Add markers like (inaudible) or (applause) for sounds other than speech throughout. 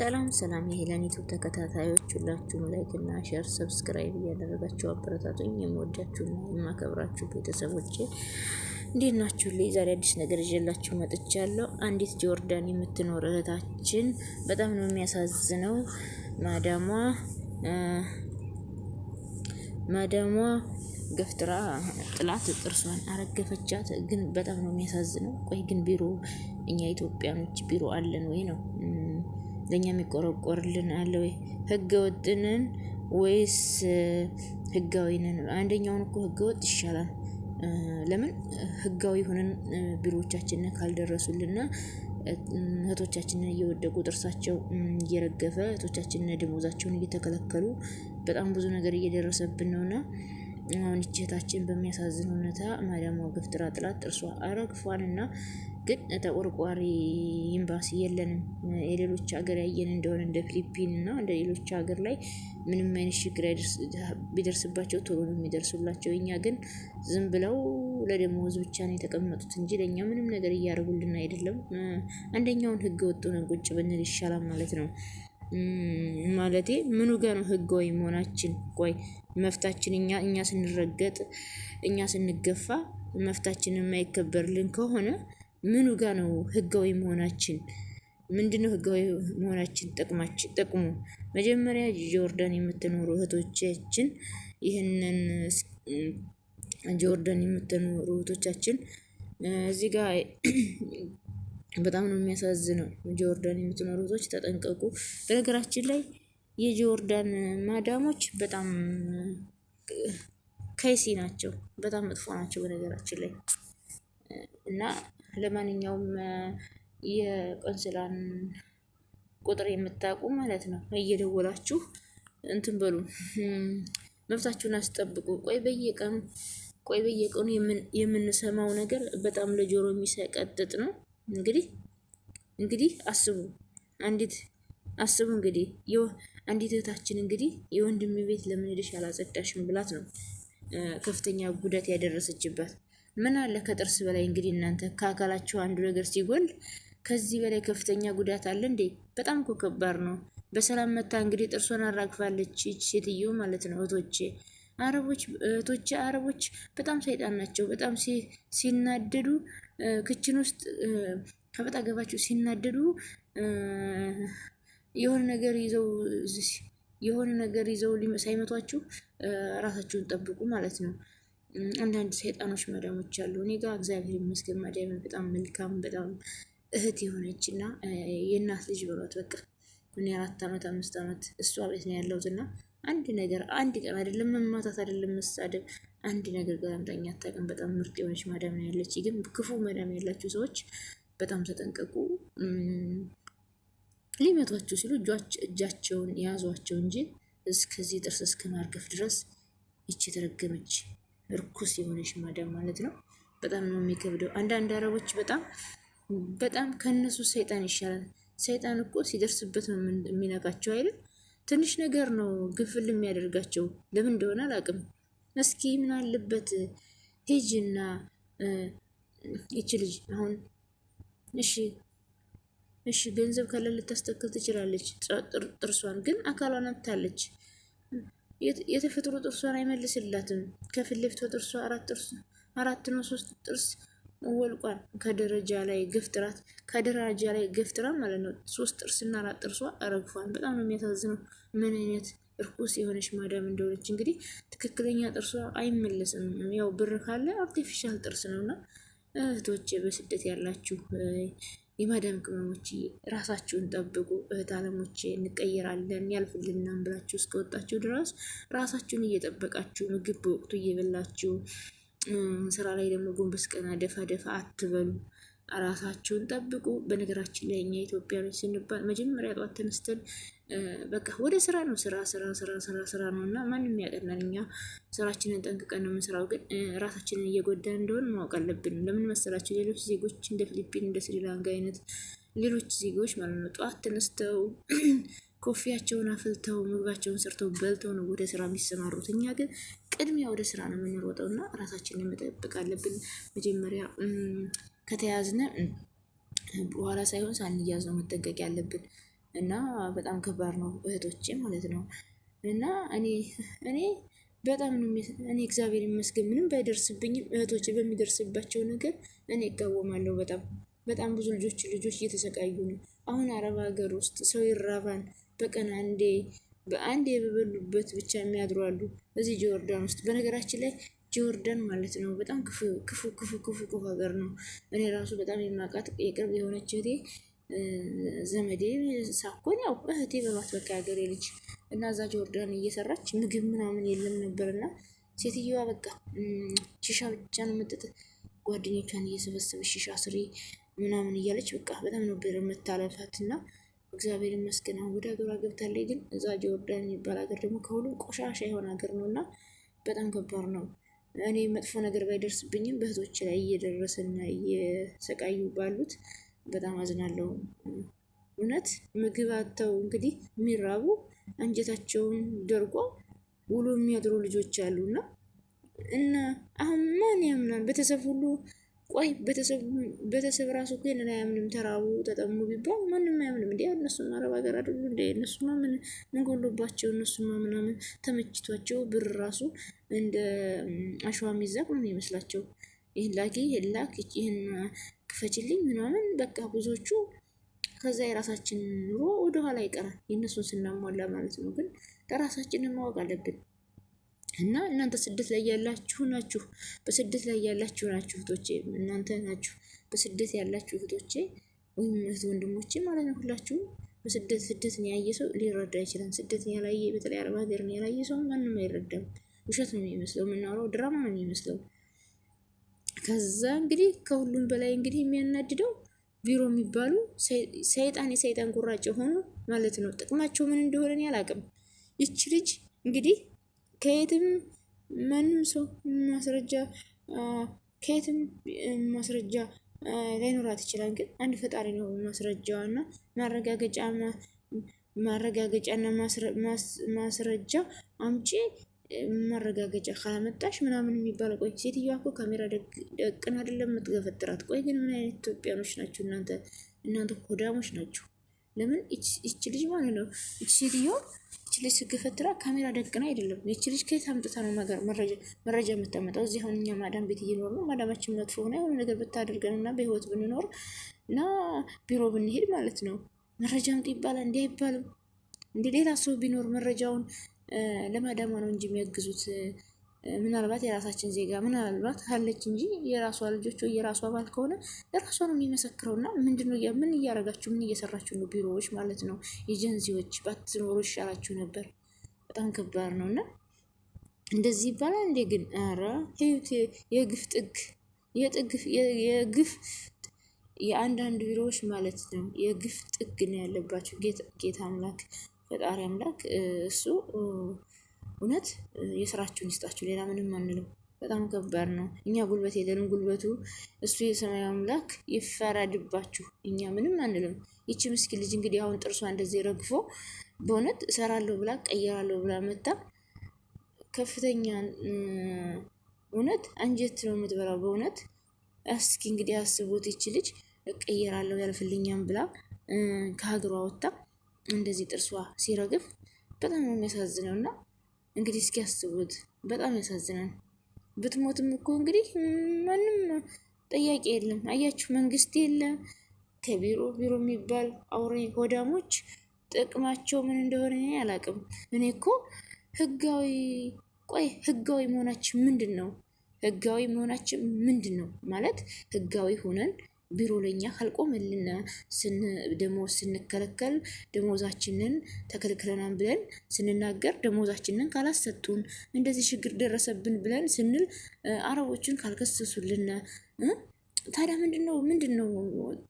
ሰላም ሰላም የሄለን ዩቱብ ተከታታዮች ሁላችሁም ላይክ እና ሼር ሰብስክራይብ እያደረጋችሁ አበረታቱኝ። የምወዳችሁና የማከብራችሁ ቤተሰቦቼ እንዴት ናችሁ? ልይ ዛሬ አዲስ ነገር ይዤላችሁ መጥቻለሁ። አንዲት ጆርዳን የምትኖር እህታችን በጣም ነው የሚያሳዝነው። ማዳሟ ማዳሟ ገፍትራ ጥላት ጥርሷን አረገፈቻት። ግን በጣም ነው የሚያሳዝነው። ቆይ ግን ቢሮ እኛ ኢትዮጵያኖች ቢሮ አለን ወይ ነው ለእኛም ይቆረቆርልን አለ ወይ? ህገ ወጥንን ወይስ ህጋዊንን? አንደኛውን እኮ ህገ ወጥ ይሻላል። ለምን ህጋዊ ሆነን ቢሮዎቻችንን ካልደረሱልና እህቶቻችንን እየወደቁ ጥርሳቸው እየረገፈ እህቶቻችንን ደሞዛቸውን እየተከለከሉ በጣም ብዙ ነገር እየደረሰብን ነውና አሁን እህታችን በሚያሳዝን ሁኔታ ማዳሟ ግፍ ጥራጥላት ጥርሷ አረግፏን እና ግን ተቆርቋሪ ኤምባሲ የለንም። የሌሎች ሀገር ያየን እንደሆነ እንደ ፊሊፒን እና እንደ ሌሎች ሀገር ላይ ምንም አይነት ችግር ቢደርስባቸው ቶሎ ነው የሚደርሱላቸው። እኛ ግን ዝም ብለው ለደሞዝ ብቻ ነው የተቀመጡት እንጂ ለእኛ ምንም ነገር እያደረጉልን አይደለም። አንደኛውን ህገ ነን ቁጭ ብንል ይሻላል ማለት ነው። ማለቴ ምኑ ጋ ነው ህጋዊ መሆናችን? ቆይ መፍታችን እኛ እኛ ስንረገጥ እኛ ስንገፋ መፍታችን የማይከበርልን ከሆነ ምኑ ጋ ነው ህጋዊ መሆናችን? ምንድነው ህጋዊ መሆናችን ጥቅማችን ጥቅሙ? መጀመሪያ ጆርዳን የምትኖሩ እህቶቻችን ይህንን ጆርዳን የምትኖሩ እህቶቻችን እዚህ ጋር በጣም ነው የሚያሳዝነው። ጆርዳን የምትኖሩ ሰዎች ተጠንቀቁ። በነገራችን ላይ የጆርዳን ማዳሞች በጣም ከይሲ ናቸው፣ በጣም መጥፎ ናቸው በነገራችን ላይ እና ለማንኛውም የቆንስላን ቁጥር የምታውቁ ማለት ነው እየደወላችሁ እንትን በሉ መብታችሁን አስጠብቁ። ቆይ በየቀኑ ቆይ በየቀኑ የምንሰማው ነገር በጣም ለጆሮ የሚሰቀጥጥ ነው። እንግዲህ እንግዲህ አስቡ አንዲት አስቡ እንግዲህ አንዲት እህታችን እንግዲህ የወንድም ቤት ለምን ሄደሽ አላጸዳሽም ብላት ነው ከፍተኛ ጉዳት ያደረሰችበት። ምን አለ ከጥርስ በላይ እንግዲህ እናንተ ከአካላችሁ አንዱ ነገር ሲጎል ከዚህ በላይ ከፍተኛ ጉዳት አለ እንዴ? በጣም እኮ ከባድ ነው። በሰላም መታ እንግዲህ ጥርሶን አራግፋለች ይች ሴትዮ ማለት ነው። እህቶቼ አረቦች እህቶቼ አረቦች በጣም ሰይጣን ናቸው። በጣም ሲናደዱ ክችን ውስጥ ከበጣ ገባቸው ሲናደዱ የሆነ ነገር ይዘው የሆነ ነገር ይዘው ሳይመቷችሁ ራሳችሁን ጠብቁ ማለት ነው። አንዳንድ ሰይጣኖች መዳሞች አሉ። እኔ ጋር እግዚአብሔር ይመስገን መዳም በጣም መልካም በጣም እህት የሆነች እና የእናት ልጅ በሏት በቃ እኔ አራት ዓመት አምስት ዓመት እሷ ቤት ነው ያለሁት እና አንድ ነገር አንድ ቀን አይደለም መማታት አይደለም መሳደብ አንድ ነገር ገላምጠኛ አታውቅም። በጣም ምርጥ የሆነች ማዳም ነው ያለች። ግን ክፉ ማዳም ያላችሁ ሰዎች በጣም ተጠንቀቁ። ሊመቷችሁ ሲሉ እጃቸውን ያዟቸው እንጂ እስከዚህ ጥርስ እስከ ማርገፍ ድረስ ይቺ የተረገመች እርኩስ የሆነች ማዳም ማለት ነው። በጣም ነው የሚከብደው። አንዳንድ አረቦች በጣም በጣም ከእነሱ ሰይጣን ይሻላል። ሰይጣን እኮ ሲደርስበት ነው የሚነቃቸው አይደል? ትንሽ ነገር ነው ግፍል የሚያደርጋቸው። ለምን እንደሆነ አላውቅም። እስኪ ምን አለበት ሄጅና ይች ልጅ አሁን እሺ እሺ ገንዘብ ካለ ልታስተክል ትችላለች። ጥርሷን ግን አካሏን አታለች። የተፈጥሮ ጥርሷን አይመልስላትም። ከፊት ለፊቷ ጥርሷ አራት ነው፣ ሶስት ጥርስ ወልቋል። ከደረጃ ላይ ገፍጥራት ከደረጃ ላይ ገፍጥራ ማለት ነው። ሶስት ጥርስና አራት ጥርሷ ረግፏል። በጣም ነው የሚያሳዝነው። ምን አይነት እርኩስ የሆነች ማዳም እንደሆነች እንግዲህ ትክክለኛ ጥርሷ አይመለስም። ያው ብር ካለ አርቲፊሻል ጥርስ ነው እና እህቶች በስደት ያላችሁ የማዳም ቅመሞች ራሳችሁን ጠብቁ። እህት አለሞች እንቀየራለን ያልፍልናም ብላችሁ እስከወጣችሁ ድረስ ራሳችሁን እየጠበቃችሁ ምግብ በወቅቱ እየበላችሁ ስራ ላይ ደግሞ ጎንበስ ቀና ደፋ ደፋ አትበሉ። ራሳችሁን ጠብቁ። በነገራችን ላይ እኛ ኢትዮጵያኖች ስንባል መጀመሪያ ጠዋት ተነስተን በቃ ወደ ስራ ነው። ስራ ስራ ስራ ስራ ስራ ነው እና ማንም ያቀናል። እኛ ስራችንን ጠንቅቀን ነው የምንሰራው፣ ግን ራሳችንን እየጎዳን እንደሆን ማወቅ አለብን። ለምን መሰላቸው? ሌሎች ዜጎች እንደ ፊሊፒን እንደ ስሪላንካ አይነት ሌሎች ዜጎች ማለት ነው ጠዋት ተነስተው (clears throat) ኮፊያቸውን አፍልተው ምግባቸውን ሰርተው በልተው ነው ወደ ስራ የሚሰማሩት። እኛ ግን ቅድሚያ ወደ ስራ ነው የምንሮጠው እና ራሳችንን መጠበቅ አለብን። መጀመሪያ ከተያዝነ በኋላ ሳይሆን ሳንያዝ ነው መጠንቀቅ ያለብን። እና በጣም ከባድ ነው እህቶቼ ማለት ነው። እና እኔ እኔ በጣም እኔ እግዚአብሔር ይመስገን ምንም ባይደርስብኝም እህቶቼ በሚደርስባቸው ነገር እኔ እቃወማለሁ። በጣም በጣም ብዙ ልጆች ልጆች እየተሰቃዩ ነው። አሁን አረብ ሀገር ውስጥ ሰው ይራባን በቀን አንዴ በአንድ የበሉበት ብቻ የሚያድሩ አሉ። እዚህ ጆርዳን ውስጥ በነገራችን ላይ ጆርዳን ማለት ነው በጣም ክፉ ክፉ ክፉ ክፉ ሀገር ነው። እኔ ራሱ በጣም የማውቃት የቅርብ የሆነች እህቴ ዘመዴ ሳኮን ያው እህቴ በሏት በቃ ሀገሬ ልጅ እና እዛ ጆርዳን እየሰራች ምግብ ምናምን የለም ነበርና ሴትዮዋ በቃ ሺሻ ብቻ ነው መጠጥ ጓደኞቿን እየሰበሰበች ሺሻ ስሪ ምናምን እያለች በቃ በጣም ነበር መታለፋት እና እግዚአብሔር ይመስገን አሁን ወደ ሀገሯ ገብታለች። ግን እዛ ጆርዳን የሚባል ሀገር ደግሞ ከሁሉም ቆሻሻ የሆነ ሀገር ነው እና በጣም ከባድ ነው። እኔ መጥፎ ነገር ባይደርስብኝም በእህቶች ላይ እየደረሰና እየሰቃዩ ባሉት በጣም አዝናለሁ። እውነት ምግብ አጥተው እንግዲህ የሚራቡ አንጀታቸውን ደርጎ ውሎ የሚያድሩ ልጆች አሉ እና እና አሁን ማን ያምናል? ቤተሰብ ሁሉ ቆይ ቤተሰብ ራሱ እኮ ይንን አያምንም። ተራቡ ተጠሙ ቢባል ማንም አያምንም። እንዲ እነሱ አረብ ሀገር አይደሉ እንደ እነሱ ምን ምንጎሎባቸው እነሱ ምናምን ተመችቷቸው ብር ራሱ እንደ አሸዋ ሚዛቅ ነው የሚመስላቸው። ይህን ላኪ ይህን ላክ ይህን ክፈችልኝ ምናምን በቃ ብዙዎቹ ከዛ የራሳችን ኑሮ ወደኋላ ይቀራል፣ የእነሱን ስናሟላ ማለት ነው። ግን ለራሳችንን ማወቅ አለብን እና እናንተ ስደት ላይ ያላችሁ ናችሁ፣ በስደት ላይ ያላችሁ ናችሁ እህቶቼ፣ እናንተ ናችሁ በስደት ያላችሁ እህቶቼ ወይም እህት ወንድሞቼ ማለት ነው። ሁላችሁም በስደት ስደትን ያየ ሰው ሊረዳ ይችላል። ስደትን ያላየ በተለይ አረብ ሀገርን ያላየ ሰው ማንም አይረዳም። ውሸት ነው የሚመስለው፣ የምናወራው ድራማ ነው የሚመስለው። ከዛ እንግዲህ ከሁሉም በላይ እንግዲህ የሚያናድደው ቢሮ የሚባሉ ሰይጣን የሰይጣን ቁራጭ የሆኑ ማለት ነው። ጥቅማቸው ምን እንደሆነ እኔ አላቅም። ይች ልጅ እንግዲህ ከየትም ማንም ሰው ማስረጃ ከየትም ማስረጃ ላይኖራት ይችላል። ግን አንድ ፈጣሪ ነው ማስረጃዋና ማረጋገጫ ማረጋገጫና ማስረጃ አምጪ ማረጋገጫ ካላመጣሽ ምናምን የሚባል ቆይ፣ ሴትዮዋ እኮ ካሜራ ደቅን አይደለም የምትገፈጥራት። ቆይ ግን ምን አይነት ኢትዮጵያኖች ናቸው እናንተ? እናንተ ኮዳሞች ናቸው ለምን ይች ልጅ ማለት ነው ይች ሴትዮ ይች ልጅ ስገፈትራ ካሜራ ደቅና አይደለም። ይች ልጅ ከየት አምጥታ ነው መረጃ የምታመጣው? እዚህ አሁን እኛ ማዳም ቤት እየኖር ነው። ማዳማችን መጥፎ ሆነ የሆነ ነገር ብታደርገን እና በህይወት ብንኖር እና ቢሮ ብንሄድ ማለት ነው መረጃ አምጡ ይባላል። እንዲህ አይባልም እንደ ሌላ ሰው ቢኖር መረጃውን ለማዳሟ ነው እንጂ የሚያግዙት ምናልባት የራሳችን ዜጋ ምናልባት ካለች እንጂ የራሷ ልጆች ወይ የራሷ ባል ከሆነ ለራሷ ነው የሚመሰክረው። እና ምንድነው ምን እያረጋችሁ ምን እየሰራችሁ ነው? ቢሮዎች ማለት ነው ኤጀንሲዎች ባትኖሩ ይሻላችሁ ነበር። በጣም ከባድ ነው እና እንደዚህ ይባላል እንዴ? ግን ኧረ ህይወት የግፍ ጥግ የግፍ የአንዳንድ ቢሮዎች ማለት ነው የግፍ ጥግ ነው ያለባቸው። ጌታ አምላክ ፈጣሪ አምላክ እሱ እውነት የስራችሁን ይስጣችሁ። ሌላ ምንም አንልም። በጣም ከባድ ነው። እኛ ጉልበት የለንም። ጉልበቱ እሱ የሰማይ አምላክ ይፈረድባችሁ። እኛ ምንም አንልም። ይቺ ምስኪ ልጅ እንግዲህ አሁን ጥርሷ እንደዚህ ረግፎ በእውነት እሰራለሁ ብላ ቀየራለሁ ብላ መታ ከፍተኛ እውነት አንጀት ነው የምትበላው። በእውነት እስኪ እንግዲህ አስቦት ይቺ ልጅ እቀየራለሁ ያልፍልኛም ብላ ከሀገሯ ወጣ እንደዚህ ጥርሷ ሲረግፍ በጣም ነው የሚያሳዝነው። እና እንግዲህ እስኪያስቡት በጣም ያሳዝናል። ብትሞትም እኮ እንግዲህ ማንም ጠያቂ የለም። አያችሁ መንግስት የለም። ከቢሮ ቢሮ የሚባል አውሬ ሆዳሞች ጥቅማቸው ምን እንደሆነ እኔ አላውቅም። እኔ እኮ ህጋዊ ቆይ ህጋዊ መሆናችን ምንድን ነው? ህጋዊ መሆናችን ምንድን ነው ማለት ህጋዊ ሆነን ቢሮ ለኛ ካልቆመልን ደግሞ ስንከለከል ደሞዛችንን ተከልክለናን ብለን ስንናገር ደሞዛችንን ካላሰጡን እንደዚህ ችግር ደረሰብን ብለን ስንል አረቦችን ካልከሰሱልን ታዲያ ምንድን ነው ምንድን ነው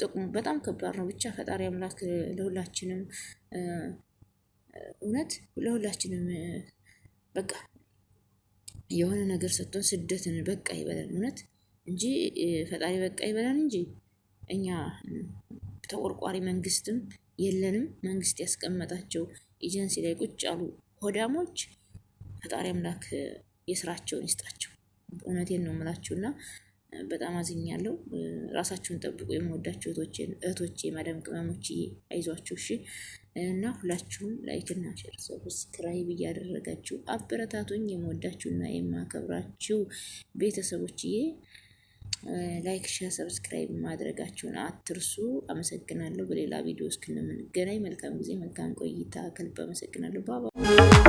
ጥቅሙ? በጣም ከባድ ነው። ብቻ ፈጣሪ አምላክ ለሁላችንም እውነት ለሁላችንም በቃ የሆነ ነገር ሰጥቶን ስደትን በቃ ይበለን እውነት እንጂ ፈጣሪ በቃ ይበለን እንጂ እኛ ተቆርቋሪ መንግስትም የለንም። መንግስት ያስቀመጣቸው ኤጀንሲ ላይ ቁጭ ያሉ ሆዳሞች ፈጣሪ አምላክ የስራቸውን ይስጣቸው። እውነቴን ነው የምላችሁ እና በጣም አዝኛለሁ። ራሳችሁን ጠብቁ። የምወዳቸው እህቶቼ፣ ማዳም ቅመሞች አይዟችሁ እሺ። እና ሁላችሁም ላይክና ሸር፣ ሰብስክራይብ እያደረጋችሁ አበረታቱኝ። የምወዳችሁና የማከብራችሁ ቤተሰቦችዬ ላይክ፣ ሸር፣ ሰብስክራይብ ማድረጋችሁን አትርሱ። አመሰግናለሁ። በሌላ ቪዲዮ እስክንምንገናኝ መልካም ጊዜ፣ መልካም ቆይታ። ከልብ አመሰግናለሁ። ባባ